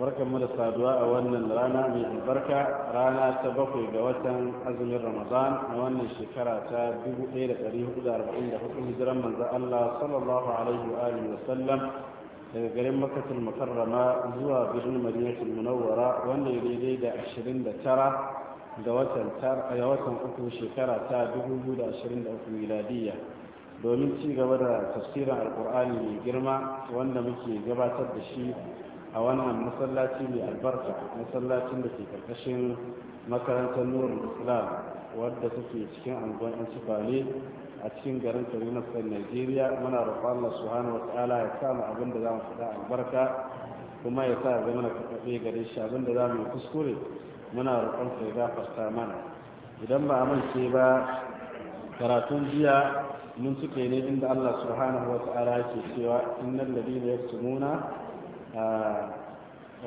barkan da saduwa a wannan rana mai albarka rana ta bakwai ga watan azumin ramadan a wannan shekara ta 1444 hijiran manzo Allah sallallahu alaihi wa alihi wa sallam daga garin makatul mukarrama zuwa birnin madinatul munawwara wannan daidai da 29 ga watan ga watan uku shekara ta 2023 miladiya domin ci gaba da tafsirin alkur'ani mai girma wanda muke gabatar da shi a wannan masallaci mai albarka masallacin da ke karkashin makarantar nurul islam wadda suke cikin anguwan yan cifale a cikin garin kaduna state nigeria muna roƙon allah subhanahu wataala ya sa mu abin da za mu faɗa albarka kuma ya sa zama na karɓaɓe gare shi abin da za mu yi kuskure muna roƙon sa ya gafarta mana idan ba amince ba karatun jiya mun suke ne inda allah subhanahu wataala yake cewa innal ladina yaktumuna آه،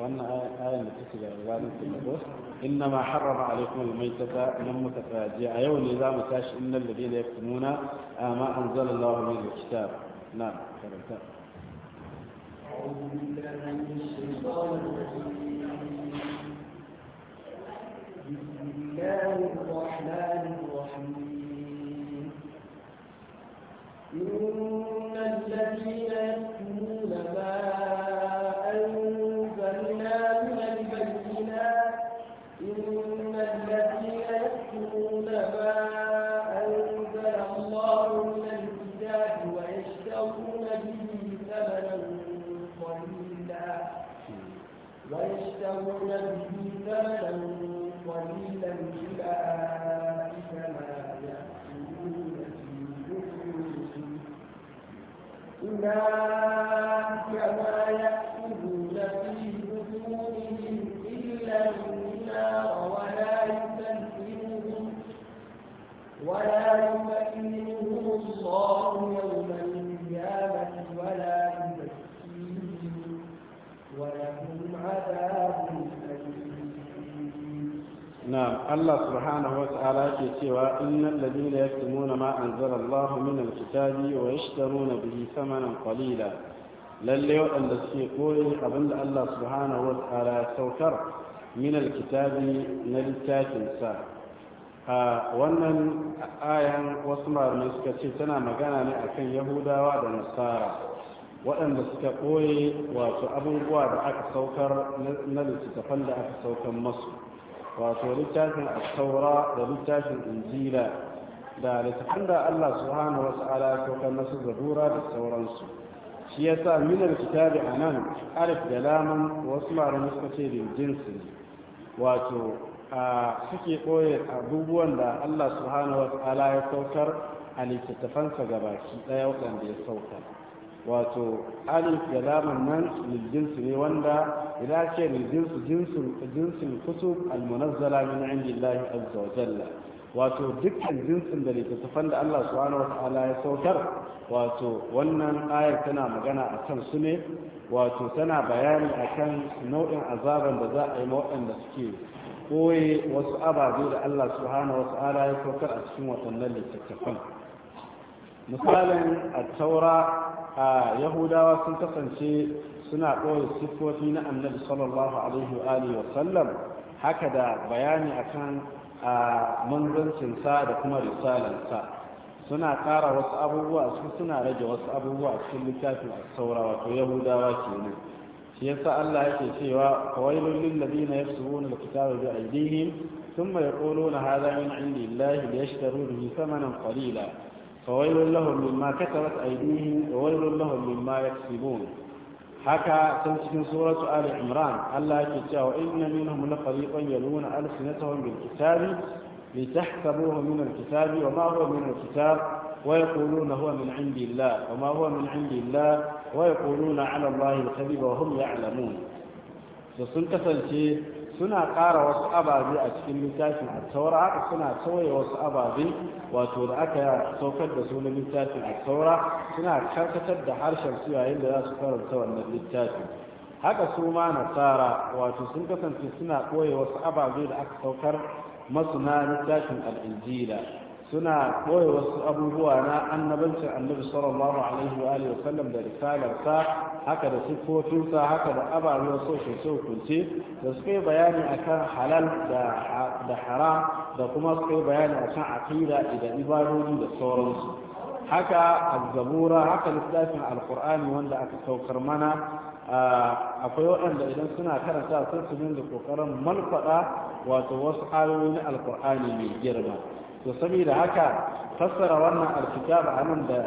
وأن آية متكلة وقالوا في النبوس إنما حرم عليكم الميتة من متفاجع يوم إذا مساش إن الذين يكتمون آه، ما أنزل الله من الكتاب نعم أعوذ بالله من الشيطان الرجيم بسم الله الرحمن الرحيم lalle waɗanda suke koyi abinda Allah subhanahu wa ta'ala saukar min alkitabi na littafin sa a wannan ayan wasu malamai suka ce tana magana ne akan yahudawa da nasara waɗanda suka koyi wato abubuwa da aka saukar na littattafan da aka saukar masu wato littafin asaura da littafin injila da littattafan da Allah subhanahu wa ta'ala saukar Masu zabura da sauransu shi ya sa minar kitabi a nan alif da laman wasu mara suka ce da jinsi wato a suke koyar abubuwan da allah subhanahu wa ta'ala ya saukar a littattafansa gabaki ɗaya waɗanda ya sauka wato alif da laman nan liljinsu ne wanda idan ce liljinsu jinsin kusur almunazzala min indillahi azza wa jalla wato dukkan jinsin da littattafan da Allah subhanahu wa ta'ala ya saukar wato wannan ayar tana magana a kan su ne wato tana bayani a kan nau'in azaban da za a yi waɗanda suke koye wasu ababe da Allah subhanahu wa ta'ala ya saukar a cikin waɗannan littattafan misalin a taura a yahudawa sun kasance suna ɗoye siffofi na annabi sallallahu alaihi wa sallam haka da bayani akan a manzancinsa da kuma risalansa suna ƙara wasu abubuwa su suna rage wasu abubuwa a cikin littafin saura wato yahudawa kenan shi yasa Allah yake cewa fawailul lil ladina yaksubuna alkitaba bi aydihim thumma yaquluna hadha min indillahi liyashtaru bihi thamanan qalila fawailul lahum mimma katabat aydihim wa wailul lahum mimma yaksibun حكى تنسك سورة آل عمران الله يتجاه إن منهم لفريقا يلون ألسنتهم بالكتاب لتحسبوه من الكتاب وما هو من الكتاب ويقولون هو من عند الله وما هو من عند الله ويقولون على الله الكذب وهم يعلمون فسنك فالشيخ suna ƙara wasu ababe a cikin littafin attaura haka suna sauya wasu ababe wato da aka saukar da su na littafin taura suna karkatar da harshen su yayin da za su karanta wannan littafin haka su ma nasara wato sun kasance suna ɓoye wasu ababe da aka saukar masu na littafin al'injila suna ɓoye wasu abubuwa na annabancin annabi sallallahu alaihi wa alihi wasallam da risalarsa haka da siffofinsa haka da ababen so so kunce da suka yi bayani akan halal da haram da kuma suka yi bayani akan aqida da ibadodi da sauransu haka azzabura haka littafin alqur'ani wanda aka saukar mana akwai waɗanda idan suna karanta sun su dinga kokarin malfaɗa wato wasu ayoyi na alqur'ani mai girma to saboda haka fassara wannan alkitab anan da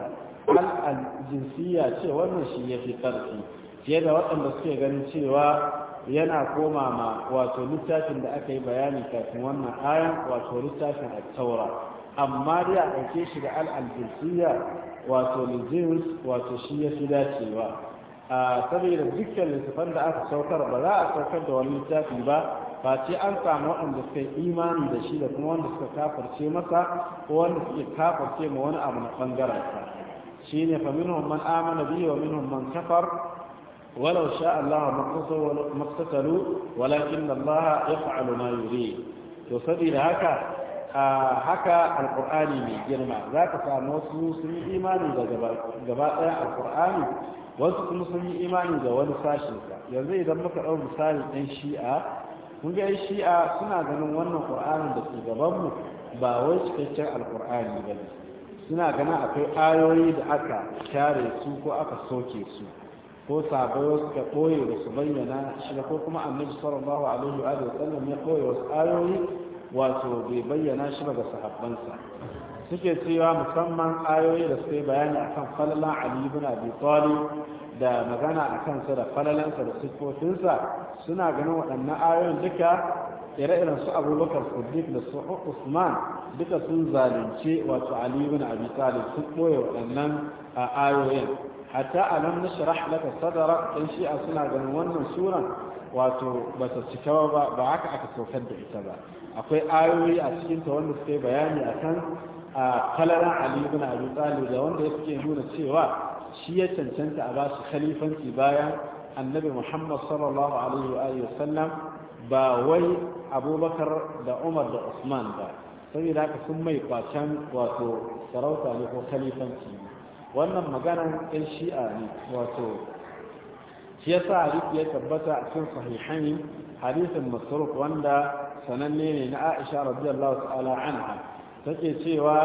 al jinsiya ce wannan shi yafi karfi fiye da waɗanda suke ganin cewa yana koma ma wato littafin da aka yi bayani kafin wannan ayan wato littafin a taura amma dai a ɗauke shi da al wato lijins wato shi yafi dacewa a saboda dukkan littafan da aka saukar ba za a saukar da wani littafi ba face an samu waɗanda suka yi imani da shi da kuma wanda suka kafarce masa ko wanda suke kafarce ma wani abu na ɓangaren sa shi ne fa minhum man amana bihi wa minhum man kafar ولو شاء الله ما اقتصروا ما اقتتلوا ولكن الله يفعل ما يريد وسبيل هكا haka alkur'ani mai girma za ka samu wasu sun yi imani da gaba ɗaya alkur'ani wasu kuma sun yi imani da wani sashinsa yanzu idan muka ɗau misali ɗan shi'a kun ga shi'a suna ganin wannan qur'anin da su gaban ba wai cikakken alqur'ani ba suna ganin akwai ayoyi da aka share su ko aka soke su ko sabai wasu ka ɓoye da su bayyana shi ko kuma annabi sallallahu alaihi wa sallam ya ɓoye wasu ayoyi wato bai bayyana shi ba ga sahabbansa suke cewa musamman ayoyi da suke bayani akan falala ali ibn abi da magana a kansa da falalansa da siffofinsa suna ganin waɗannan ayoyin duka ire-iren su abubakar siddiq da su usman duka sun zalunce wato ali ibn abi talib sun ɓoye waɗannan ayoyin hatta alam nashrah laka sadra dan shi'a suna ganin wannan suran wato ba ta cika ba ba haka aka saukar da ita ba akwai ayoyi a cikin ta wanda suke bayani akan falalan ali ibn abi talib da wanda yake nuna cewa shi ya cancanta a basu khalifanci bayan annabi muhammad sallallahu alaihi wa sallam ba wai abubakar da umar da usman ba saboda haka sun mai kwacen wato sarauta ne ko khalifanci wannan maganar ɗan shi'a ne wato shi yasa hadisi ya tabbata a cikin sahihaini hadisin masruf wanda sananne ne na Aisha radiyallahu ta'ala anha take cewa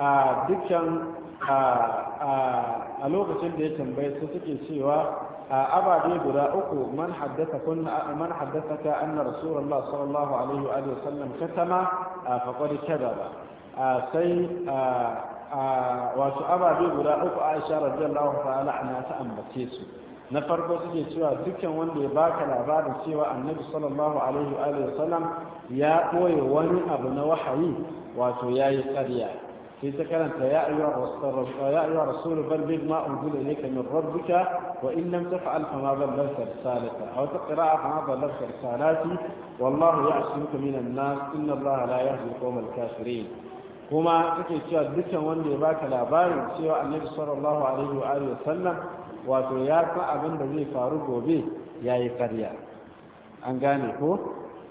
a dukkan a a lokacin da ya tambaye su suke cewa a ababe guda uku man haddasa kunna man haddathaka anna rasulullah sallallahu alaihi wa alihi katama fa qad kadaba sai wato ababe guda uku Aisha radiyallahu ta'ala anha ta ambace su na farko suke cewa dukkan wanda ya baka labarin cewa annabi sallallahu alaihi wa alihi wasallam ya koye wani abu na wahayi wato yayi ƙarya sai ta karanta ya ayyuwa rasulu bal bil ma unzila ilayka min rabbika wa in lam taf'al fa ma ballaghta risalata aw taqra'a fa ma ballaghta risalati wallahu ya'simuka minan nas inna allaha la yahdi al-qawma al-kafirin kuma take cewa dukkan wanda ya baka labarin cewa annabi sallallahu alaihi wa alihi wasallam wato ya san abin da zai faru gobe yayi karya an gane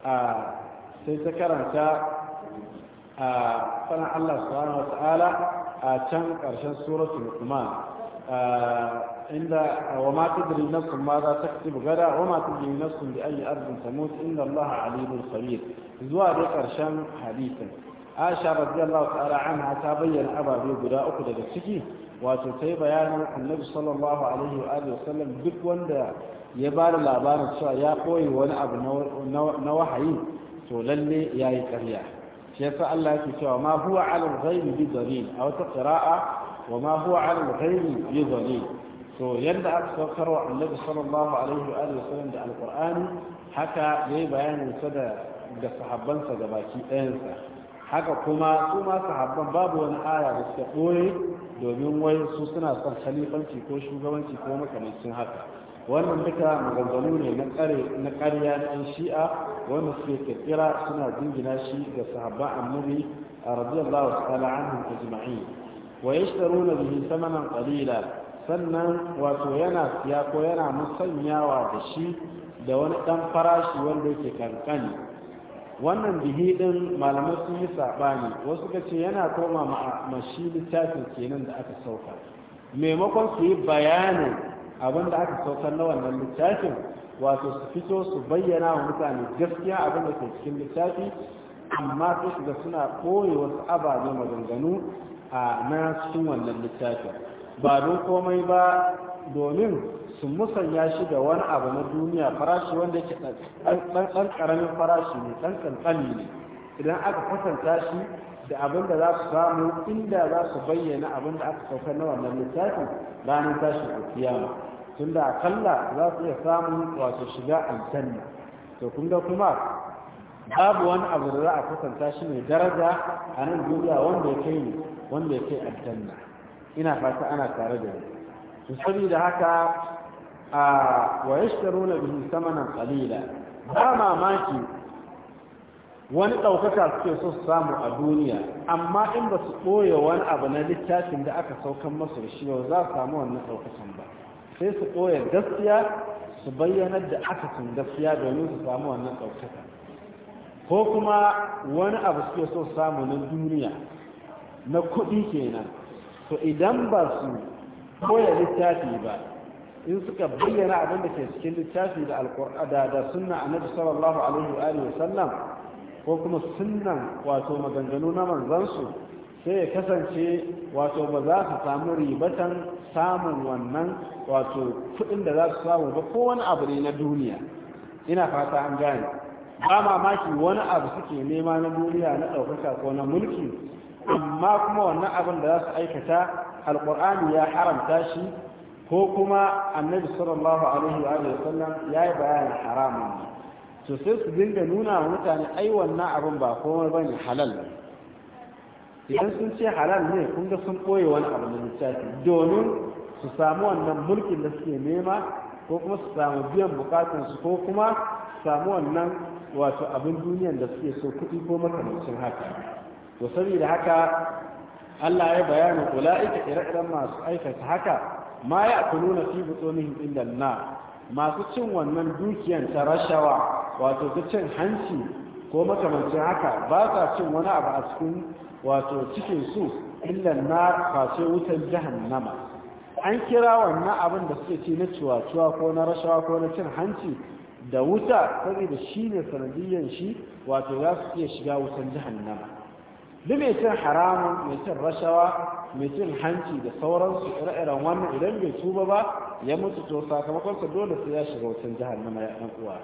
sai ta karanta a sanar Allah subhanahu wata'ala a can ƙarshen suratul Luqman inda wa ma tudri nafsun ma za ta kasu gada wa ma tudri nafsun bi ayi arzin ta mutu inda Allah alimul khabir zuwa da ƙarshen hadisin Aisha radiyallahu ta'ala anha ta bayyana ababe guda uku daga ciki wato ta yi bayanin annabi sallallahu alaihi wa sallam duk wanda ya ba da labarin cewa ya koyi wani abu na wahayi to lalle ya yi ƙarya shi yasa Allah yake cewa ma huwa ala ghaibi bi dalil aw ta qira'a wa ma huwa ala al-ghaibi bi dalil to yanda aka saukar wa Annabi sallallahu alaihi wa alihi wasallam da al haka yayi bayanin sa da da sahabbansa gabaki ɗayansa haka kuma su ma sahabban babu wani aya da suka ɓoye domin wai su suna son khalifanci ko shugabanci ko makamancin haka wannan duka maganganu ne na ƙarya na yan shi'a wanda suke kirkira suna jingina shi ga sahabba annabi radiyallahu ta'ala anhum jima'i. wa yashtaruna bihi samanan qalila sannan wato yana siya ko yana musanyawa da shi da wani ɗan farashi wanda yake kankani wannan bihi ɗin malamai sun yi saɓani wasu ka ce yana koma ma shi littafin kenan da aka sauka maimakon su yi bayanin abinda aka saukar na wannan littafin wato su fito su bayyana wa mutane gaskiya abin da ke cikin littafi amma su shiga suna ɓoye wasu ababe maganganu a na cikin wannan littafin ba don komai ba domin su musanya shi da wani abu na duniya farashi wanda yake ɗan ƙaramin farashi ne ɗan ƙanƙani ne idan aka kwatanta shi da abin da za su samu inda za su bayyana abin da aka saukar na wannan littafin ranar tashin kiyama tun da akalla za su iya samun wato shiga aljanna to kun ga kuma babu wani abu da za a kusanta shi mai daraja a nan duniya wanda ya kai wanda ya kai aljanna ina fata ana tare da su saboda haka a wa yashtaruna bihi samanan qalila ba mamaki wani ɗaukaka suke so su samu a duniya amma in ba su ɓoye wani abu na littafin da aka saukan masu da shi ba za su samu wannan ɗaukakan ba sai su koya gaskiya su bayyanar da sun gaskiya domin su samu wannan ɗaukaka ko kuma wani abu suke so samu na duniya na kuɗi kenan to idan ba su koya littafi ba in suka bayyana abin da ke cikin littafi da alƙur'ada da sunna annabi sallallahu alaihi wa sallam ko kuma sunnan wato maganganu na manzansu sai ya kasance wato ba za su samu ribatan samun wannan wato kudin da za su samu ba ko wani abu ne na duniya ina fata an gane ba mamaki wani abu suke nema na duniya na ɗaukaka ko na mulki amma kuma wannan abin da za su aikata alkur'ani ya haramta shi ko kuma annabi sallallahu alaihi wa sallam ya yi bayanin haramun ne to sai su dinga nuna wa mutane ai wannan abin ba komai bane halal idan sun ce halal ne kun ga sun ɓoye wani abu na littafi domin su samu wannan mulkin da suke nema ko kuma su samu biyan su ko kuma su samu wannan wato abin duniyan da suke so kuɗi ko makamancin haka to saboda haka Allah ya bayani ula'ika ire-iren masu aikata haka ma ya kuluna fi butunihim illa na masu cin wannan dukiyan ta rashawa wato ta cin hanci ko makamancin haka ba sa cin wani abu a cikin wato cikin su illan na face wutan jahannama an kira wannan abin da suke ci na ciwaciwa ko na rashawa ko na cin hanci da wuta saboda shi ne sanadiyyar shi wato za su iya shiga wutan jahannama duk mai cin haramun mai cin rashawa mai cin hanci da sauransu ire-iren wannan idan bai tuba ba ya mutu to sa dole sai ya shiga wutan jahannama ya uwa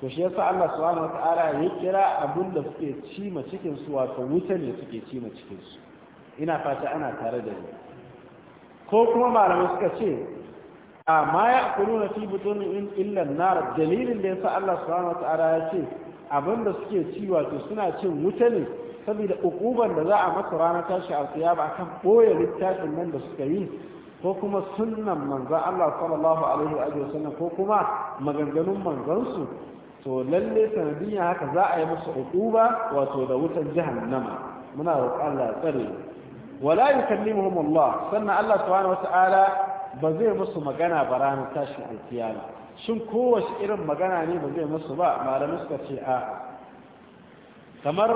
to shi yasa Allah subhanahu wataala ya kira abin da suke ci ma cikin su wato wuta ne suke ci ma cikin su ina fata ana tare da ni ko kuma malamai suka ce a ma ya kulu na fi in illa nar dalilin da yasa Allah subhanahu wataala ya ce abin da suke ci wato suna cin wuta ne saboda ukuban da za a masa ranar tashi a tsiyaba akan boye littafin nan da suka yi ko kuma sunnan manzan Allah sallallahu alaihi wa sallam ko kuma maganganun manzansu to lalle sanadiyya haka za a yi musu ba, wato da wutar jahannama muna roƙon Allah tsare wala yukallimuhum Allah sannan Allah subhanahu wata'ala ba zai musu magana ba ranar tashin alkiyama shin kowace irin magana ne ba zai musu ba malamin suka ce a kamar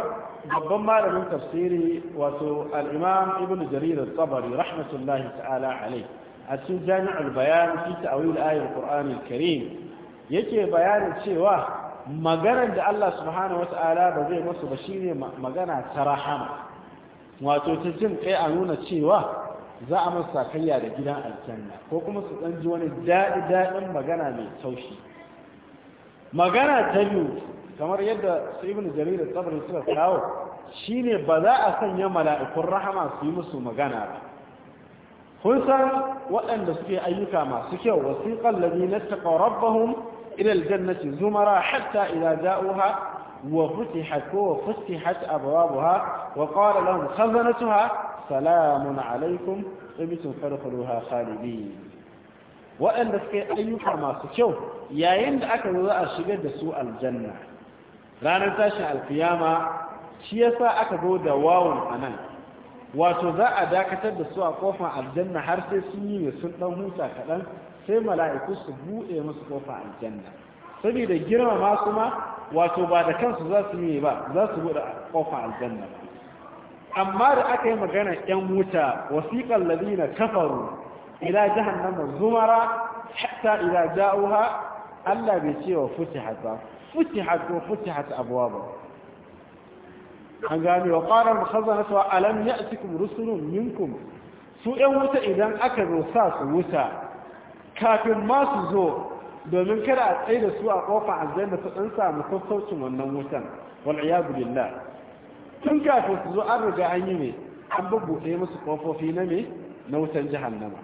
babban malamin tafsiri wato al-imam ibnu jarir al-tabari rahmatullahi ta'ala alayh a cikin jami'ul bayan fi ta'wil ayatul qur'anil karim yake bayanin cewa maganar da Allah subhanahu wata'ala ba zai masu ba shine magana ta rahama wato ta jin kai a nuna cewa za a masu sakayya da gidan aljanna ko kuma su ɗan ji wani daɗi daɗin magana mai taushi magana ta biyu kamar yadda su ibn jarir da tabari suka kawo shine ba za a sanya mala'ikun rahama su yi musu magana ba kun san waɗanda suke ayyuka masu kyau wasiqal ladina rabbahum إلى الجنة زمرا حتى إذا جاءوها وفتحت وفتحت أبوابها وقال لهم خزنتها سلام عليكم ابتم فادخلوها خالدين waɗanda suka ayyuka masu kyau yayin da aka zo za a shigar da su aljanna ranar tashin alfiyama shi yasa aka zo da wawon a nan wato za a dakatar da su a kofar aljanna har sai sun yi sun ɗan huta kaɗan sai mala'iku su buɗe musu kofa aljanna saboda girmama kuma wato ba da kansu za su yi ba za su buɗe kofa aljanna amma da aka yi magana ‘yan wuta wasiƙar ladina kafaru ila jahannama zumara hatta ila ja'uha Allah bai ce wa futihat ba futihat ko futihat abuwa ba an gane wa ƙarar khazanatu alam cikin rusulun minkum su ‘yan wuta idan aka zo sa su wuta kafin ma su zo domin kada a tsaye da su a kofa aljanna su ɗin samu sassaucin wannan wutan wal iyadu billah tun kafin su zo an riga an yi ne an bubbuɗe musu kofofi na me na wutan jahannama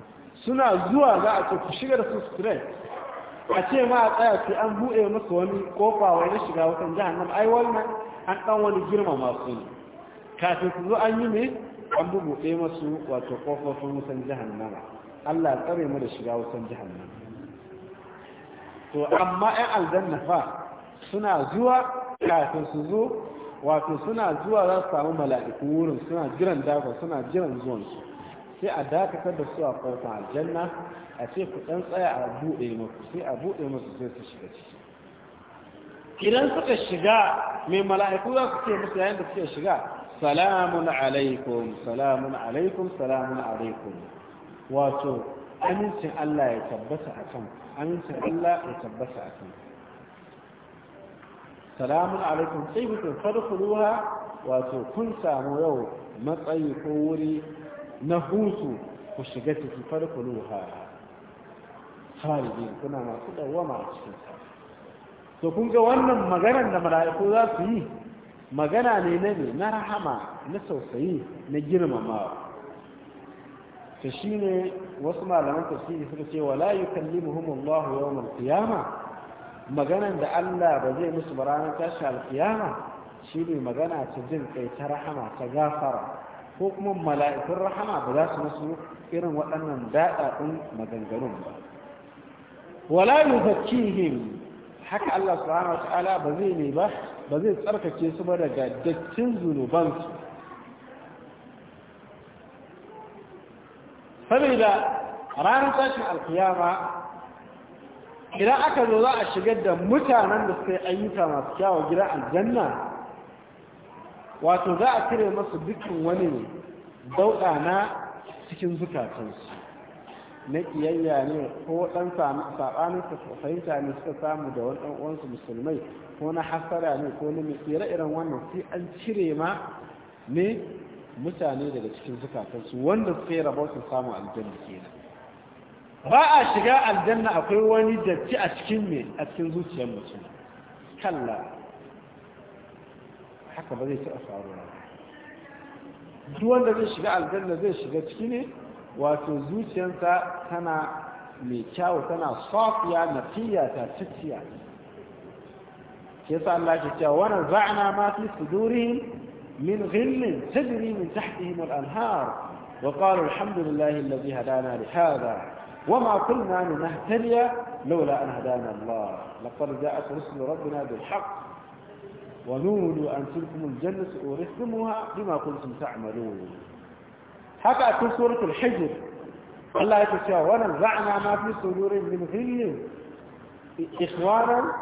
suna zuwa za a ce ku shiga da su straight a ce ma a tsaya ce an buɗe musu wani kofa wai na shiga wutan jahannama ai wannan an ɗan wani girma masu ne kafin su zo an yi ne an bubbuɗe musu wato kofofin wutan jahannama Allah ya tsare mu da shiga wutan jahannam to amma ƴan aljanna fa suna zuwa kafin su zo wato suna zuwa za su samu mala'iku wurin suna jiran dafa suna jiran zuwansu sai a dakatar da su a farkon aljanna a ce ku ɗan tsaya a buɗe muku sai a buɗe musu sai su shiga ciki idan suka shiga mai mala'iku za su ce musu yayin da suke shiga salamun alaikum salamun alaikum salamun alaikum wato amincin Allah ya tabbata a kan amincin Allah ya tabbata a kan salamun alaikum tsibitin farfuruha wato kun samu yau matsayi ko wuri na hutu ku shiga ciki farfuruha halibin kuna masu dawama a cikin sa to kun ga wannan maganar da mala'iku za su yi magana ne na ne na rahama na sausayi na girmamawa to shine wasu malaman tafsiri suka ce wala yukallimuhum Allah yawm al-qiyama maganan da Allah ba zai musu ranar tashi al-qiyama shine magana ta jin kai ta rahama ta gafara ko kuma mala'ikun rahama ba za su musu irin waɗannan daɗaɗin maganganun ba wala yuzakkihim haka Allah subhanahu wa ta'ala ba zai ne ba ba zai tsarkake su ba daga dattin zunubansu saboda ranar tashin alkiyama idan aka zo za a shigar da mutanen da suka yi ayyuka masu kyawa gidan aljanna wato za a cire masu dukkan wani dauɗa na cikin zukatansu na kiyayya ne ko ɗan sabanin su fahimta ne suka samu da wani uwansu musulmai ko na hasara ne ko na mai tsira irin wannan sai an cire ma ne mutane daga cikin zukatansu wanda suka yi rabautin samun aljanna kenan ba a shiga aljanna akwai wani datti a cikin me a cikin zuciyar mutum kalla haka ba zai taɓa faruwa duk wanda zai shiga aljanna zai shiga ciki ne wato zuciyarsa tana mai kyau tana safiya na fiya ta cikciya ke sa Allah ke cewa wannan za'ana ma fi sudurihim من غل تجري من تحتهم الأنهار وقالوا الحمد لله الذي هدانا لهذا وما كنا لنهتدي لولا أن هدانا الله لقد جاءت رسل ربنا بالحق ونود أن تلكم الجنة أورثتموها بما كنتم تعملون حتى في سورة الحجر الله يتشاء ونزعنا ما في صدور من غل إخوانا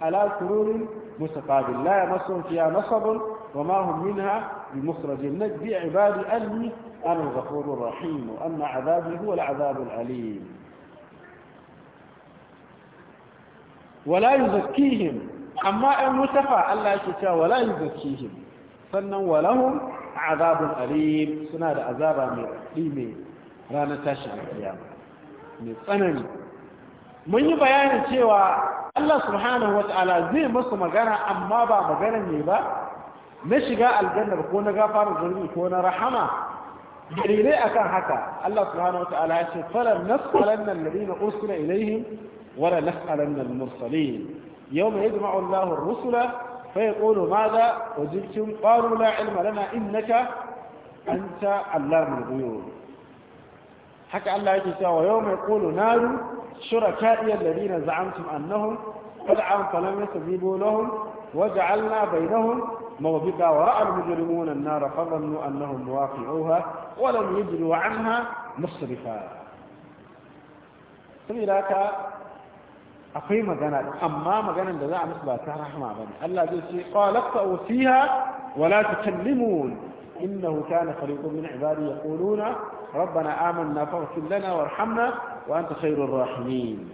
على سرور متقابل لا يمسهم فيها نصب وما هم منها بمخرجين نجزي عبادي أني أنا الغفور الرحيم وأن عذابي هو العذاب العليم ولا يزكيهم أما أن ألا الله ولا يزكيهم فنن ولهم عذاب أليم سنة عذاب من أليم رانا تاشي القيامة من صنم من يبيان cewa الله سبحانه وتعالى زي مصر masu أما amma ba maganan na shiga aljannar ko na gafarar zunubi ko na rahama dalilai akan haka Allah subhanahu wata'ala ya ce fala nas'alanna alladhina ursila ilaihim wala nas'alanna al-mursalin yawma yajma'u Allahu ar-rusula فيقول ماذا وجدتم قالوا لا علم لنا إنك أنت علام الغيوب حكى الله يجزى ويوم يقول نار شركائي الذين زعمتم أنهم فدعهم فلم يستجيبوا لهم وجعلنا بينهم موبقا ورأى المجرمون النار فظنوا أنهم واقعوها ولم يجروا عنها مصرفا سبيل لك أقيم مجانا أما مجانا جزاء مثل رحمة بني ألا جلسي قال اقطعوا فيها ولا تكلمون إنه كان فريق من عبادي يقولون ربنا آمنا فاغفر لنا وارحمنا وأنت خير الراحمين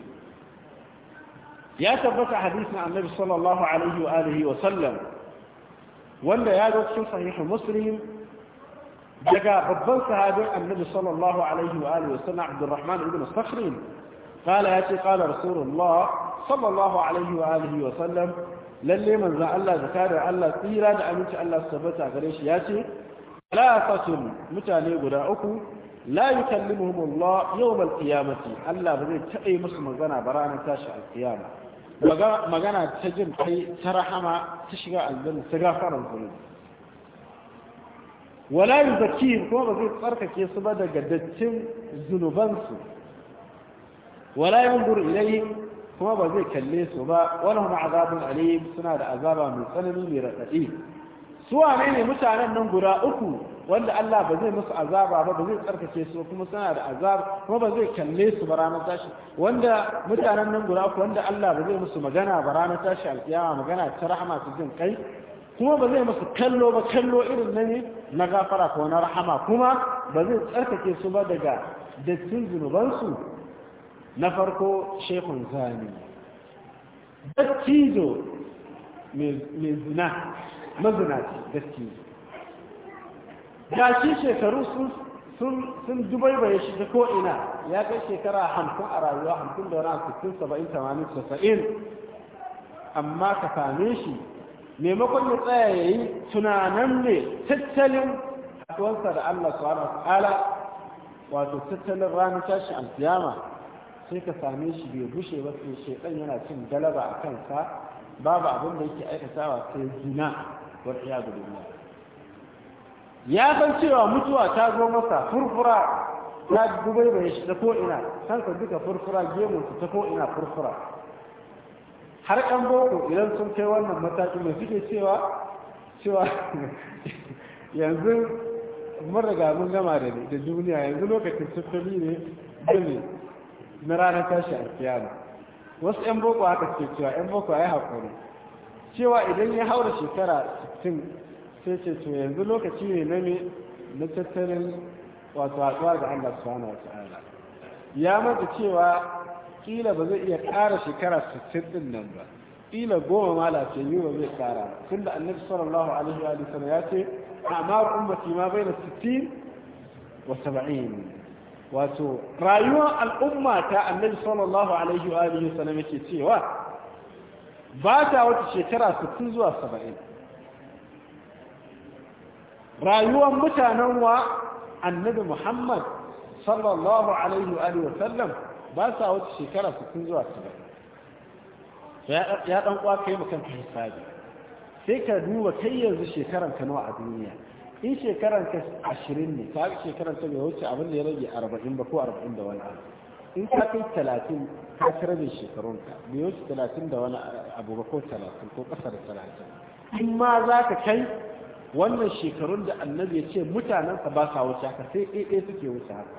يا تبقى حديثنا عن النبي صلى الله عليه وآله وسلم wanda ya zo cikin sahihu muslim daga babban sahabin annabi sallallahu alaihi wa alihi abdurrahman ibn sakhrin qala ya ce qala rasulullah sallallahu alaihi wa alihi wa sallam lalle manzo Allah zakka da Allah tsira da aminci Allah su tabbata gare shi ya ce thalathatun mutane guda uku la yukallimuhum Allah yawm al-qiyamati Allah ba zai taɓa musu magana ba ranar tashi al magana ta jin kai ta rahama ta shiga aljanna ta gafaran zunubi wala kuma ba zai tsarkake su ba daga dattin zunubansu wala yanzuru ilayhim kuma ba zai kalle su ba wala hum azabun alim suna da azaba mai tsanani mai radadi su wane ne mutanen nan guda uku wanda Allah ba zai musu azaba ba ba zai tsarkake su kuma suna da azab kuma ba zai kalle su ba ranar tashi wanda mutanen nan guda ku wanda Allah ba zai musu magana ba ranar tashi alkiyama magana ta rahama su jin kai kuma ba zai musu kallo ba kallo irin na ne na gafara ko na rahama kuma ba zai tsarkake su ba daga dattin zunubansu na farko shekun zani dattizo mai zina mazinaci dattizo ga shi shekaru sun dubaibaye shi ta ko'ina ya kai shekara hamsin a rayuwa hamsin da wani sittin saba'in tamanin tasa'in amma ka same shi maimakon ya tsaya ya yi tunanan ne tattalin haɗuwarsa da Allah subhanahu wa ta'ala wato tattalin ranar tashi alkiyama sai ka same shi bai bushe ba sai shaidan yana cin galaba a kansa babu abin da yake aikatawa sai zina wal iyadu billah ya san cewa mutuwa ta zo masa furfura ta dubai bai shi ta ko'ina kansa duka furfura gemunsa ta ko'ina furfura har ɗan boko idan sun kai wannan mataki mai suke cewa cewa yanzu mun riga mun gama da da duniya yanzu lokacin sufuri ne gani na ranar tashi a kiyama wasu 'yan boko haka suke cewa 'yan boko ya yi haƙuri cewa idan ya haura shekara sai ce to yanzu lokaci ne na na tattalin wato haɗuwa ga Allah subhanahu ya manta cewa ƙila ba zai iya ƙara shekara sittin din nan ba ƙila goma ma lafiyayyu ba zai ƙara tunda annabi sallallahu alaihi wa sallam ya ce a'mar ummati ma baina 60 wa 70 wato rayuwar al'umma ta annabi sallallahu alaihi wa yake cewa ba ta wata shekara sittin zuwa saba'in. rayuwar mutanen wa annabi muhammad sallallahu alaihi wa sallam ba sa wata shekara 60 zuwa 70 ya dan kwa kai mukan hisabi sai ka duba kai yanzu shekaran ka nawa a duniya in shekaran ka 20 ne ka shekaran ta bai wuce abin da ya rage 40 ba ko 40 da wani abu in ka kai 30 ka ci shekarun ka bai wuce 30 da wani abu ba ko 30 ko kasar 30 in ma za ka kai wannan shekarun da annabi ya ce mutanensa ba sa wuce haka sai dai suke wuce haka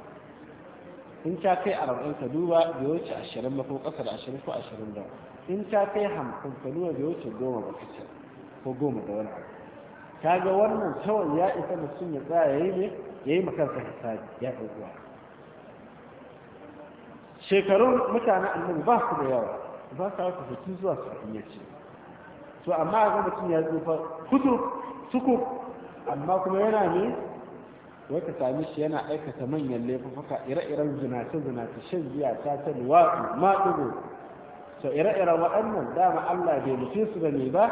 in ta kai arba'in ka duba bai wuce ashirin ba ko ƙasa da ashirin ko ashirin da in ta kai hamsin ka duba bai wuce goma ba kace ko goma da wani ta ga wannan kawai ya isa sun ya tsaya ya yi ne ya yi makansa hisabi ya ɗaukuwa shekarun mutanen annabi ba su da yawa ba sa wata tun zuwa su ya ce to amma ga mutum ya zo fa kudu cuku amma kuma yana ne wata sami shi yana aikata manyan laifuka ire-iren zinace-zinace shan giya ta ta luwaɗu maɗugo to ire-iren waɗannan dama Allah bai nufe su da ne ba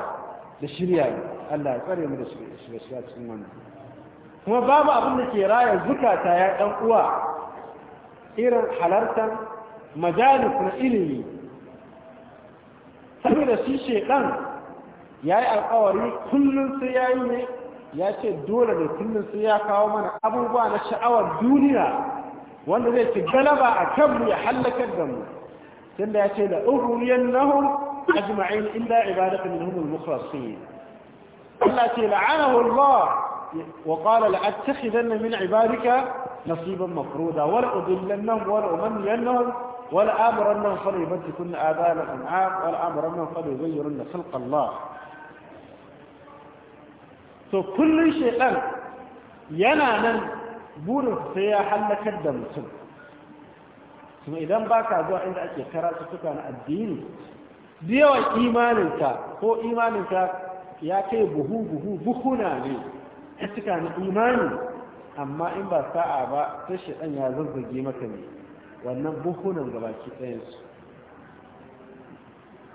da shirya ne Allah ya tsare mu da shirya cikin wannan kuma babu abin da ke raya zukata ya ɗan uwa irin halartar majalis na ilimi saboda shi shekan ya yi alkawari kullum sai ya yi ne ya ce dole ne kullum sai ya kawo mana abubuwa na sha'awar duniya wanda zai ci galaba a kanmu ya hallakar da mu tunda ya ce da uhuriyan nahum ajma'in illa ibadatu minhum al-mukhlasin Allah ce la'anahu Allah وقال لأتخذن من عبادك نصيبا مفروضا ولأضلنهم ولأمنينهم ولآمرنهم فليبتكن آباء الأنعام ولآمرنهم فليغيرن خلق الله so kullum shaiɗan yana nan burin sai ya hallakar da mutum kuma idan ba ka zuwa inda ake karatu suka na addini da yawan imaninka ko imaninka ya kai buhu buhu buhuna ne suka na imani amma in ba sa'a ba sai shaitan ya zazzage maka ne wannan buhunan baki ɗayansu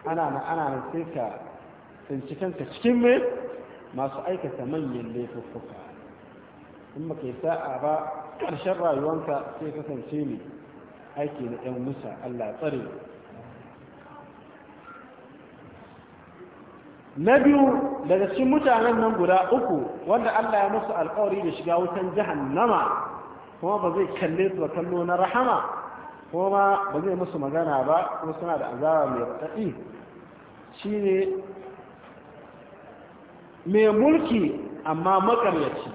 ana na ana na sai ka tsinci kanka cikin mai masu aikata manyan laifuffuka in ba kai sa'a ba ƙarshen rayuwanka sai kasance ne aiki na yan musa allah tsare na biyu daga cikin mutanen nan guda uku wanda allah ya musu alkawari da shiga wutan jahannama kuma ba zai kalle su kallo na rahama kuma ba zai musu magana ba kuma suna da azaba mai raɗaɗi shine mai mulki amma makaryaci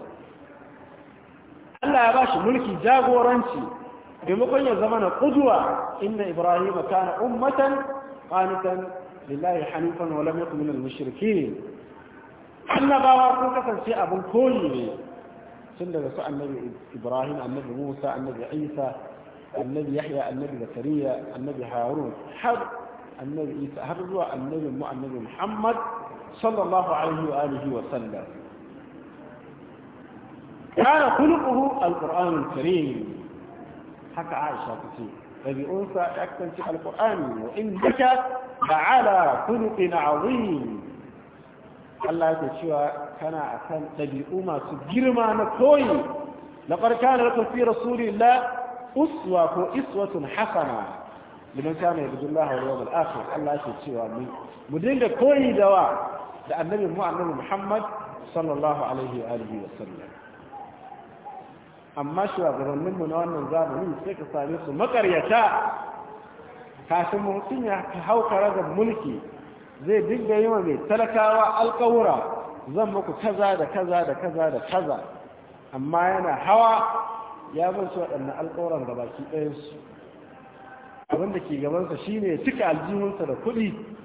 Allah ya ba shi mulki jagoranci maimakon ya zama na kuduwa inna ibrahim na ummatan qanitan lillahi hanifan wa lam yakun minal mushrikeen annabawa kun kasance abin koyi ne tun daga su annabi ibrahim annabi musa annabi isa annabi yahya annabi zakariya annabi harun har annabi isa har zuwa annabi mu annabi muhammad sallallahu alaihi wa alihi wa sallam kana khuluquhu alquran alkarim haka aisha tace dabi'unsa ya kanci alquran wa innaka la'ala khuluqin azim Allah yake cewa kana akan dabi'u masu girma na koyi laqad kana lakum fi rasulillah uswa ko iswatun hasana liman kana yarjullaha wal yawmal akhir Allah yake mu dinga koyi da wa da annabin mu annabi Muhammad sallallahu alaihi alihi wa sallam amma shugabannin mu na wannan zamanin sai ka same su makaryata kafin mutum ya hau karagar mulki zai dinga yi wa mai talakawa alƙawura zan muku kaza da kaza da kaza da kaza amma yana hawa ya bar su waɗannan alƙawuran gabaki ɗayansu abin da ke gabansa shine ya cika aljihunsa da kuɗi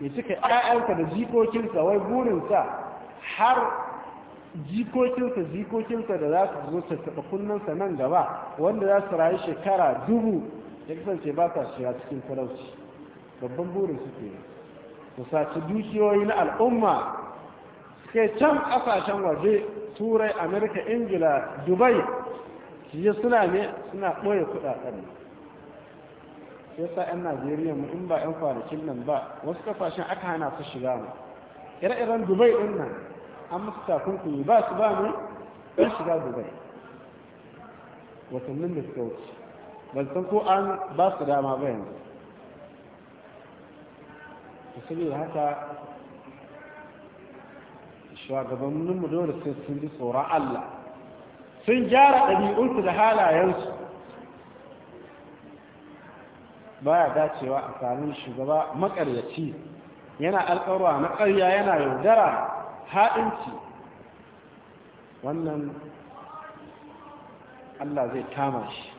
ya cika ƴaƴansa da jikokinsa wai burinsa har jikokinsa jikokinsa da za su zo su taɓa kunnensa nan gaba wanda za su rayu shekara dubu ya kasance ba sa shiga cikin talauci babban burin suke yi su saci dukiyoyi na al'umma suke can ƙasashen waje turai amerika ingila dubai shi suna ne suna ɓoye kuɗaɗen sai sa 'yan najeriya mu in ba 'yan kwanakin nan ba wasu kafashin aka hana su shiga mu ire-iren dubai din nan an musu takunkumi ba su ba mu ɗan shiga dubai watannin da suka wuce ban san ko an ba su dama ba yanzu saboda haka shugabanninmu dole sai sun ji tsoron allah sun gyara ɗabi'unsu da halayensu baya dacewa a sami shugaba makaryaci yana alƙarwa na ƙarya yana yaudara haɗinci wannan Allah zai kama shi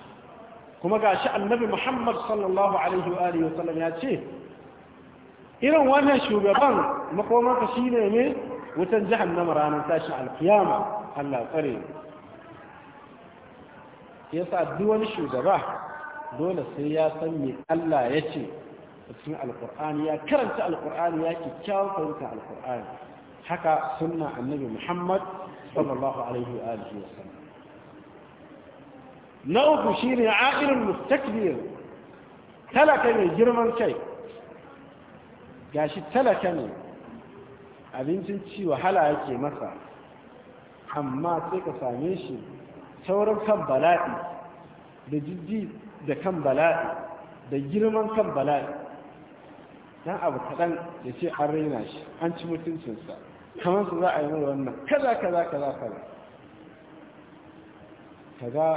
kuma ga shi annabi Muhammad sallallahu Alaihi wasallam ya ce irin wannan shugaban makomarka shi ne ne wutan jihannama ranar tashin alfiyama Allah tsare yasa duk shugaba dole sai ya san me Allah ya ce cikin alkur'ani ya karanta alkur'ani ya kyakkyawar fahimta alkur'ani haka sunna annabi muhammad sallallahu alaihi wa alihi wa sallam na uku shine a'irin mustakbir talaka mai girman kai gashi talaka ne abincin ci wahala yake masa amma sai ka same shi sauran kan bala'i da jijji da kan bala'i da girman kan bala'i dan abu kaɗan ya ce an raina shi an ci mutuncinsa kamar su za a yi mai wannan kaza kaza kaza kaza kaza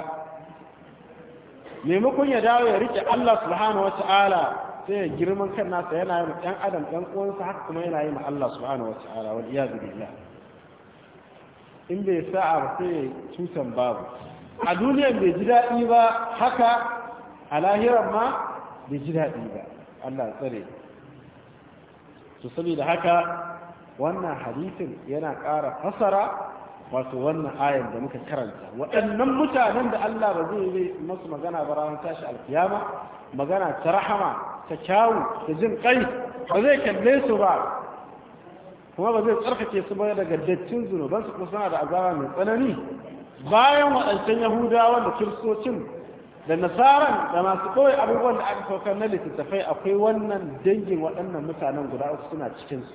maimakon ya dawo ya rike Allah subhanahu wata'ala sai ya girman kan nasa yana yi ɗan adam ɗan uwansa haka kuma yana yi ma Allah subhanahu wata'ala wal iyadu billah in bai sa'a ba sai tutan babu a duniyar bai ji daɗi ba haka a lahiran ma bai ji daɗi ba Allah tsare su saboda haka wannan hadisin yana ƙara fasara wato wannan ayan da muka karanta waɗannan mutanen da Allah ba zai yi masu magana ba ranar tashi alkiyama magana ta rahama ta kyawu ta jin kai ba zai kalle su ba kuma ba zai tsarkake su ba daga dattin zunubansu kuma suna da azaba mai tsanani bayan waɗancan yahudawa da kiristocin da nasaran da masu kawai abubuwan da aka saukar na littattafai akwai wannan dangin waɗannan mutanen guda uku suna cikinsu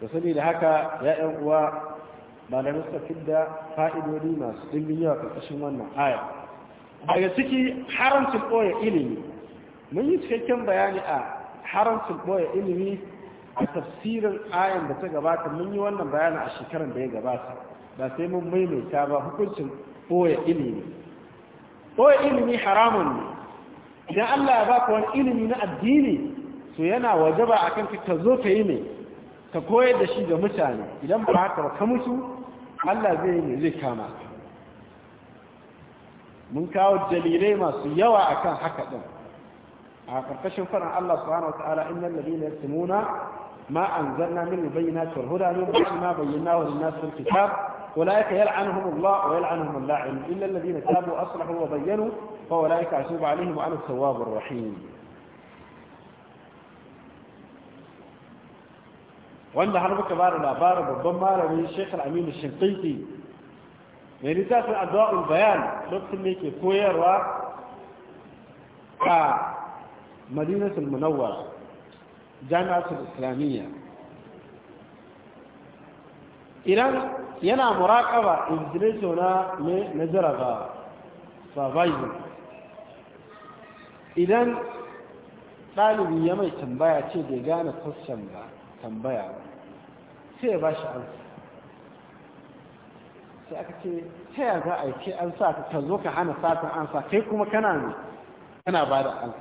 da saboda haka ya ‘yan uwa malamai suka fidda fa'idodi masu ɗimbin yawa ƙarƙashin wannan aya daga ciki haramcin ɓoye ilimi mun yi cikakken bayani a haramcin ɓoye ilimi a tafsirin ayan da ta gabata mun yi wannan bayani a shekarar da ya gabata ba sai mun maimaita ba hukuncin ɓoye ilimi ko ilimi haramun ne idan Allah ya baka wani ilimi na addini to yana wajaba akan kan ka zo ka yi ne ka koyar da shi ga mutane idan ba haka ka mutu Allah zai yi zai kama mun kawo dalilai masu yawa akan haka ɗin a ƙarƙashin faɗin Allah subhanahu wata'ala innal ladina yasmuna ma anzalna min bayyana wal huda min ba'di ma bayyanahu lin-nas kitab أولئك يلعنهم الله ويلعنهم اللعن إلا الذين تابوا أصلحوا وبينوا فأولئك أتوب عليهم وأنا التواب الرحيم wanda har muka bada labarin babban malami Sheikh Al-Amin Shinqiti mai littafin Adwa'ul Bayan lokacin da yake koyarwa a Madinatul Munawwar Jami'atul Islamiyya idan yana muraƙaba injiniso na na jiraga surviving idan ɗalibi ya mai tambaya ce bai gane kwastan ba tambaya sai ba shi an sai aka ce ta ya za a yi ke an sa ka zo ka hana satan an sa kai kuma kana ne kana ba da an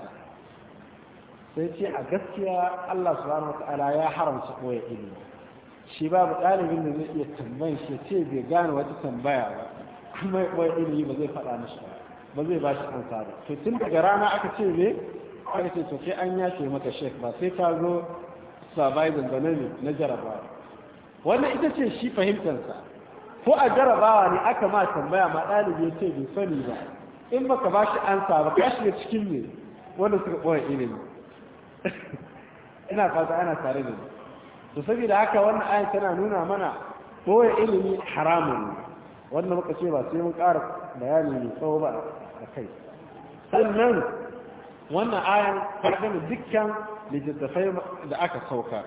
sai ce a gaskiya allah subhanahu wa ta'ala ya haramta koya ilimi shi babu ɗalibin da zai iya tambayin shi ce bai gane wata tambaya ba kuma wai ilimi ba zai faɗa mishi ba zai ba shi amsa ba to tun daga rana aka ce me aka ce to sai an yace maka shek ba sai ka zo survival ba ne na jarabawa wannan ita ce shi fahimtansa ko a jarabawa ne aka ma tambaya ma ɗalibi ya ce bai sani ba in baka ba shi ansa ba ka shiga cikin ne wanda suka ɓoye ilimi ina fata ana tare da ni to saboda haka wannan ayan tana nuna mana boye ilimi haramun wannan muka ce ba sai mun ƙara bayani mai tsawo ba a kai sannan wannan ayan ta gani dukkan littattafai da aka sauka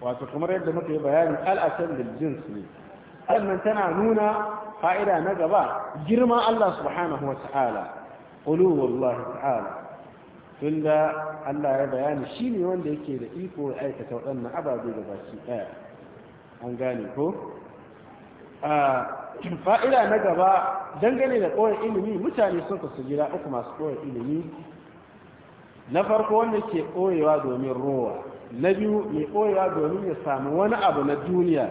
wato kamar yadda muka yi bayani al'asar da jins ne sannan tana nuna fa'ida na gaba girman Allah subhanahu wa ta'ala ƙulu wallahi ta'ala tunda Allah ya bayani shi ne wanda yake da iko ya aikata waɗannan ababe da baki ɗaya an gane ko a fa'ida na gaba dangane da ƙoyar ilimi mutane sun su gida uku masu ƙoyar ilimi na farko wanda ke ɓoyewa domin rowa na biyu mai ɓoyewa domin ya samu wani abu na duniya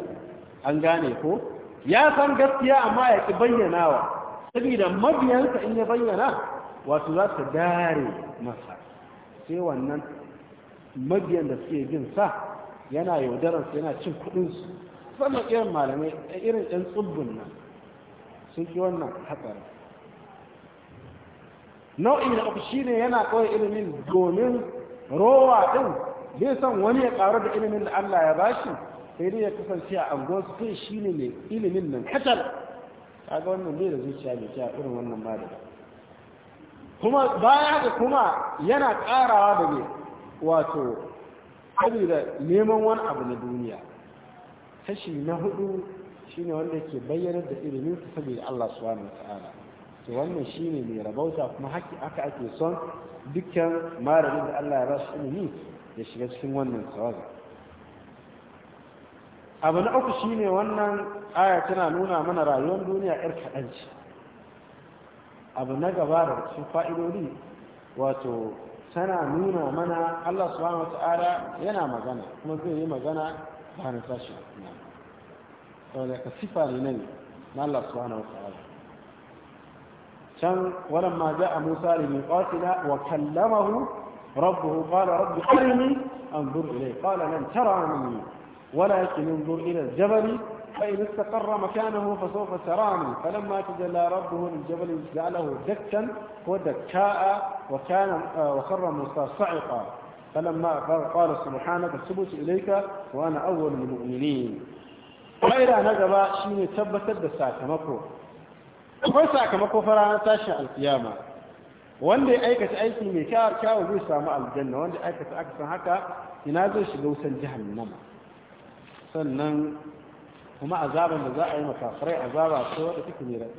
an gane ko ya san gaskiya amma ya ƙi bayyanawa Sabida mabiyansa in ya bayyana wato za su dare masa sai wannan mabiyan da suke jin sa yana yaudararsu yana cin kudinsu Sannan irin malamai irin yan tsibbin nan sun ki wannan hatsari nau'i na uku shine yana kawai ilimin domin rowa ɗin zai san wani ya ƙaru da ilimin da Allah ya bashi sai dai ya kasance a angonsu kai shine mai ilimin nan kacal kaga wannan bai da zuciya mai kyau irin wannan malami kuma bayan haka kuma yana karawa da ne wato saboda neman wani abu na duniya kashi na hudu shine wanda ke bayyana da ilimin su saboda Allah subhanahu wataala to wannan shine mai rabauta kuma haki aka ake son dukkan malamin da Allah ya ba shi ilimi da shiga cikin wannan tsawon? abu na uku shine wannan aya tana nuna mana rayuwar duniya yar kaɗanci. abu na gaba da cikin fa'idodi wato tana nuna mana Allah subhanahu wata'ala yana magana kuma zai yi magana ba na tashi na saboda ka sifa ne nan na Allah subhanahu wata'ala can wannan ma ja a Musa da mai ƙwasila wa kallamahu rabbuhu qala rabbi arini anzur ilay qala lan tara minni walakin anzur ila da jabali فإن استقر مكانه فسوف تراني فلما تجلى ربه للجبل جعله دكا ودكاء وكان وخر موسى صعقا فلما قال سبحانك السبت إليك وأنا أول المؤمنين وإلى نجبا شيني تبتد الساكمكو akwai sakamako fa ranar tashin alkiyama wanda ya aikata aiki mai kyawu zai samu aljanna wanda aikata aka san haka ina zai shiga wutan jahannama sannan هما عذاب da أي مكافرة عذاب عصور azaba